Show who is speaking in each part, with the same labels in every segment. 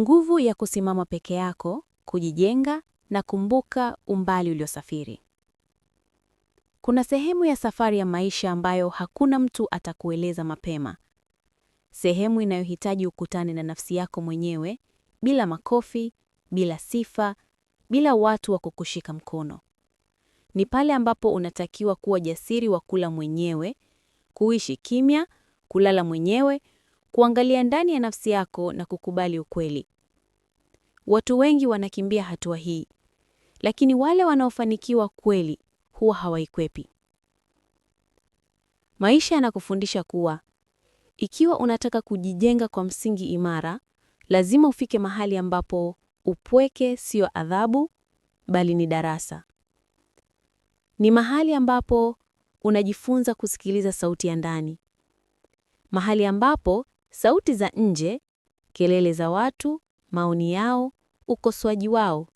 Speaker 1: Nguvu ya kusimama peke yako, kujijenga na kumbuka umbali uliosafiri. Kuna sehemu ya safari ya maisha ambayo hakuna mtu atakueleza mapema. Sehemu inayohitaji ukutane na nafsi yako mwenyewe bila makofi, bila sifa, bila watu wa kukushika mkono. Ni pale ambapo unatakiwa kuwa jasiri wa kula mwenyewe, kuishi kimya, kulala mwenyewe kuangalia ndani ya nafsi yako na kukubali ukweli. Watu wengi wanakimbia hatua hii, lakini wale wanaofanikiwa kweli huwa hawaikwepi. Maisha yanakufundisha kuwa ikiwa unataka kujijenga kwa msingi imara, lazima ufike mahali ambapo upweke sio adhabu, bali ni darasa. Ni mahali ambapo unajifunza kusikiliza sauti ya ndani, mahali ambapo Sauti za nje, kelele za watu, maoni yao, ukosoaji wao,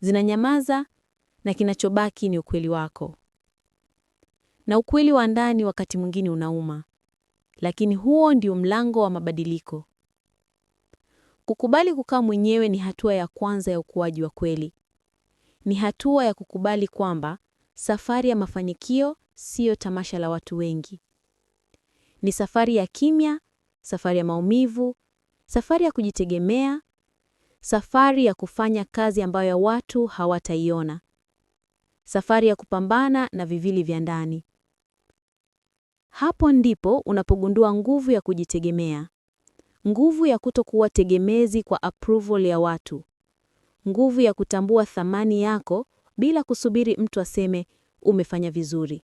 Speaker 1: zinanyamaza na kinachobaki ni ukweli wako. Na ukweli wa ndani wakati mwingine unauma, lakini huo ndio mlango wa mabadiliko. Kukubali kukaa mwenyewe ni hatua ya kwanza ya ukuaji wa kweli. Ni hatua ya kukubali kwamba safari ya mafanikio siyo tamasha la watu wengi. Ni safari ya kimya safari ya maumivu, safari ya kujitegemea, safari ya kufanya kazi ambayo watu hawataiona, safari ya kupambana na vivili vya ndani. Hapo ndipo unapogundua nguvu ya kujitegemea, nguvu ya kutokuwa tegemezi kwa approval ya watu, nguvu ya kutambua thamani yako bila kusubiri mtu aseme umefanya vizuri.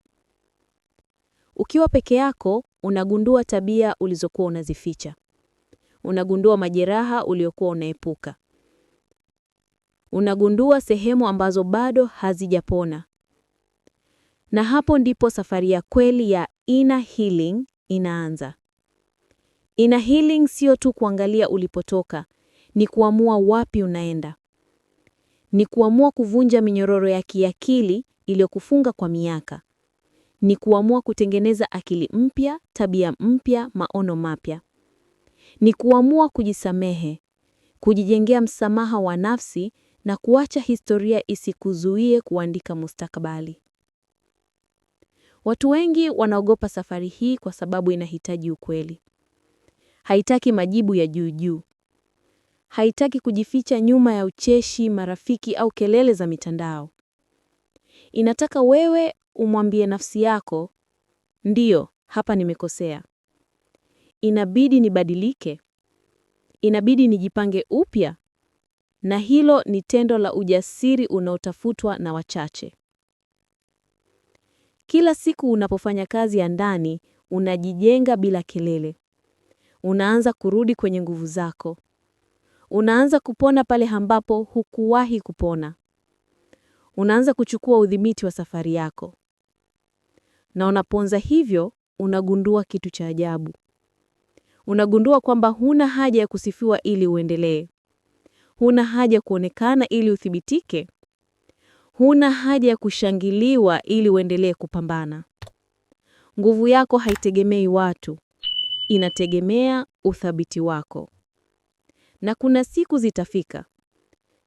Speaker 1: Ukiwa peke yako Unagundua tabia ulizokuwa unazificha. Unagundua majeraha uliokuwa unaepuka. Unagundua sehemu ambazo bado hazijapona. Na hapo ndipo safari ya kweli ya inner healing inaanza. Inner healing sio tu kuangalia ulipotoka, ni kuamua wapi unaenda. Ni kuamua kuvunja minyororo ya kiakili iliyokufunga kwa miaka ni kuamua kutengeneza akili mpya, tabia mpya, maono mapya. Ni kuamua kujisamehe, kujijengea msamaha wa nafsi na kuacha historia isikuzuie kuandika mustakabali. Watu wengi wanaogopa safari hii kwa sababu inahitaji ukweli. Haitaki majibu ya juu juu. Haitaki kujificha nyuma ya ucheshi, marafiki au kelele za mitandao. Inataka wewe umwambie nafsi yako, ndiyo, hapa nimekosea, inabidi nibadilike, inabidi nijipange upya. Na hilo ni tendo la ujasiri unaotafutwa na wachache. Kila siku unapofanya kazi ya ndani, unajijenga bila kelele. Unaanza kurudi kwenye nguvu zako. Unaanza kupona pale ambapo hukuwahi kupona. Unaanza kuchukua udhibiti wa safari yako na unaponza hivyo, unagundua kitu cha ajabu. Unagundua kwamba huna haja ya kusifiwa ili uendelee. Huna haja ya kuonekana ili uthibitike. Huna haja ya kushangiliwa ili uendelee kupambana. Nguvu yako haitegemei watu, inategemea uthabiti wako. Na kuna siku zitafika,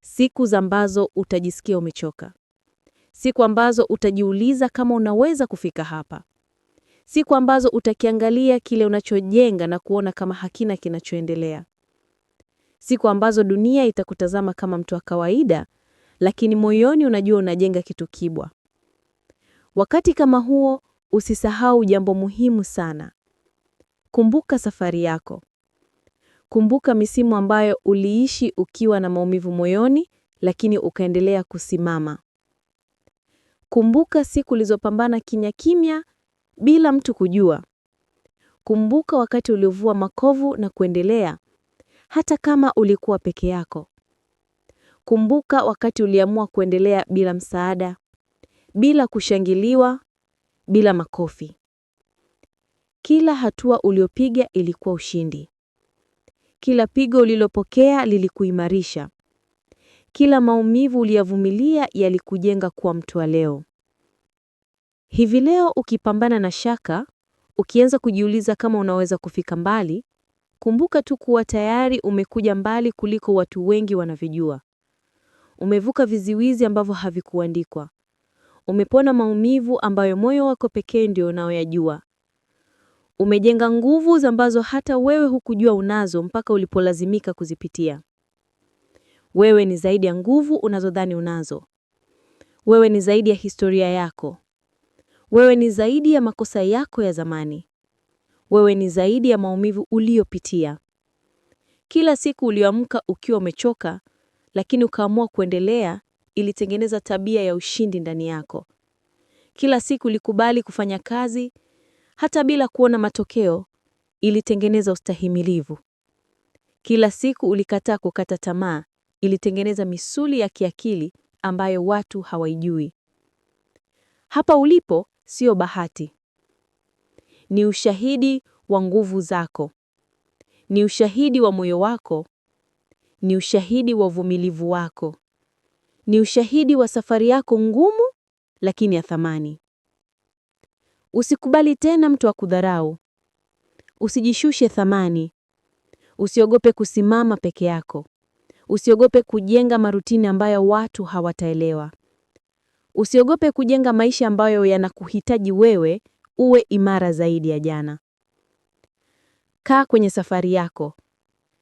Speaker 1: siku ambazo utajisikia umechoka, siku ambazo utajiuliza kama unaweza kufika hapa, siku ambazo utakiangalia kile unachojenga na kuona kama hakina kinachoendelea, siku ambazo dunia itakutazama kama mtu wa kawaida, lakini moyoni unajua unajenga kitu kibwa. Wakati kama huo, usisahau jambo muhimu sana. Kumbuka safari yako. Kumbuka misimu ambayo uliishi ukiwa na maumivu moyoni, lakini ukaendelea kusimama. Kumbuka siku ulizopambana kimya kimya bila mtu kujua. Kumbuka wakati uliovua makovu na kuendelea hata kama ulikuwa peke yako. Kumbuka wakati uliamua kuendelea bila msaada, bila kushangiliwa, bila makofi. Kila hatua uliopiga ilikuwa ushindi. Kila pigo ulilopokea lilikuimarisha. Kila maumivu uliyavumilia yalikujenga kuwa mtu wa leo. Hivi leo ukipambana na shaka, ukianza kujiuliza kama unaweza kufika mbali, kumbuka tu kuwa tayari umekuja mbali kuliko watu wengi wanavyojua. Umevuka viziwizi ambavyo havikuandikwa. Umepona maumivu ambayo moyo wako pekee ndio unaoyajua. Umejenga nguvu ambazo hata wewe hukujua unazo mpaka ulipolazimika kuzipitia. Wewe ni zaidi ya nguvu unazodhani unazo. Wewe ni zaidi ya historia yako. Wewe ni zaidi ya makosa yako ya zamani. Wewe ni zaidi ya maumivu uliyopitia. Kila siku ulioamka ukiwa umechoka, lakini ukaamua kuendelea, ilitengeneza tabia ya ushindi ndani yako. Kila siku ulikubali kufanya kazi hata bila kuona matokeo, ilitengeneza ustahimilivu. Kila siku ulikataa kukata tamaa, ilitengeneza misuli ya kiakili ambayo watu hawaijui. Hapa ulipo sio bahati, ni ushahidi wa nguvu zako, ni ushahidi wa moyo wako, ni ushahidi wa uvumilivu wako, ni ushahidi wa safari yako ngumu, lakini ya thamani. Usikubali tena mtu kudharau usijishushe thamani, usiogope kusimama peke yako. Usiogope kujenga marutini ambayo watu hawataelewa. Usiogope kujenga maisha ambayo yanakuhitaji wewe uwe imara zaidi ya jana. Kaa kwenye safari yako.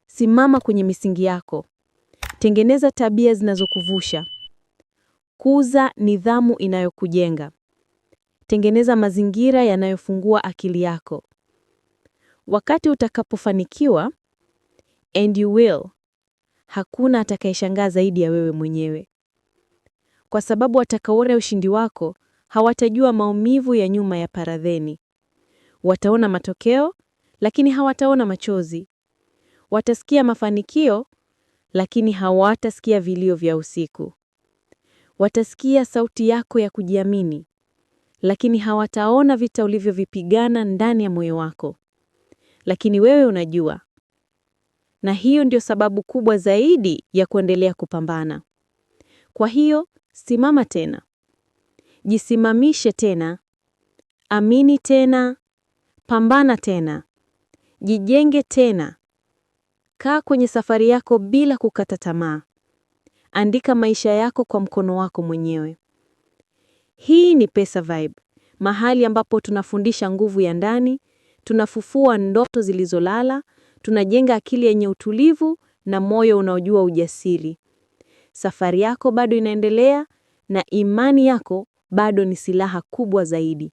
Speaker 1: Simama kwenye misingi yako. Tengeneza tabia zinazokuvusha. Kuza nidhamu inayokujenga. Tengeneza mazingira yanayofungua akili yako. Wakati utakapofanikiwa, and you will, hakuna atakayeshangaa zaidi ya wewe mwenyewe, kwa sababu watakaona ushindi wako hawatajua maumivu ya nyuma ya paradheni. Wataona matokeo lakini hawataona machozi. Watasikia mafanikio lakini hawatasikia vilio vya usiku. Watasikia sauti yako ya kujiamini lakini hawataona vita ulivyovipigana ndani ya moyo wako. Lakini wewe unajua na hiyo ndio sababu kubwa zaidi ya kuendelea kupambana. Kwa hiyo simama tena, jisimamishe tena, amini tena, pambana tena, jijenge tena. Kaa kwenye safari yako bila kukata tamaa. Andika maisha yako kwa mkono wako mwenyewe. Hii ni Pesa Vibe, mahali ambapo tunafundisha nguvu ya ndani, tunafufua ndoto zilizolala tunajenga akili yenye utulivu na moyo unaojua ujasiri. Safari yako bado inaendelea na imani yako bado ni silaha kubwa zaidi.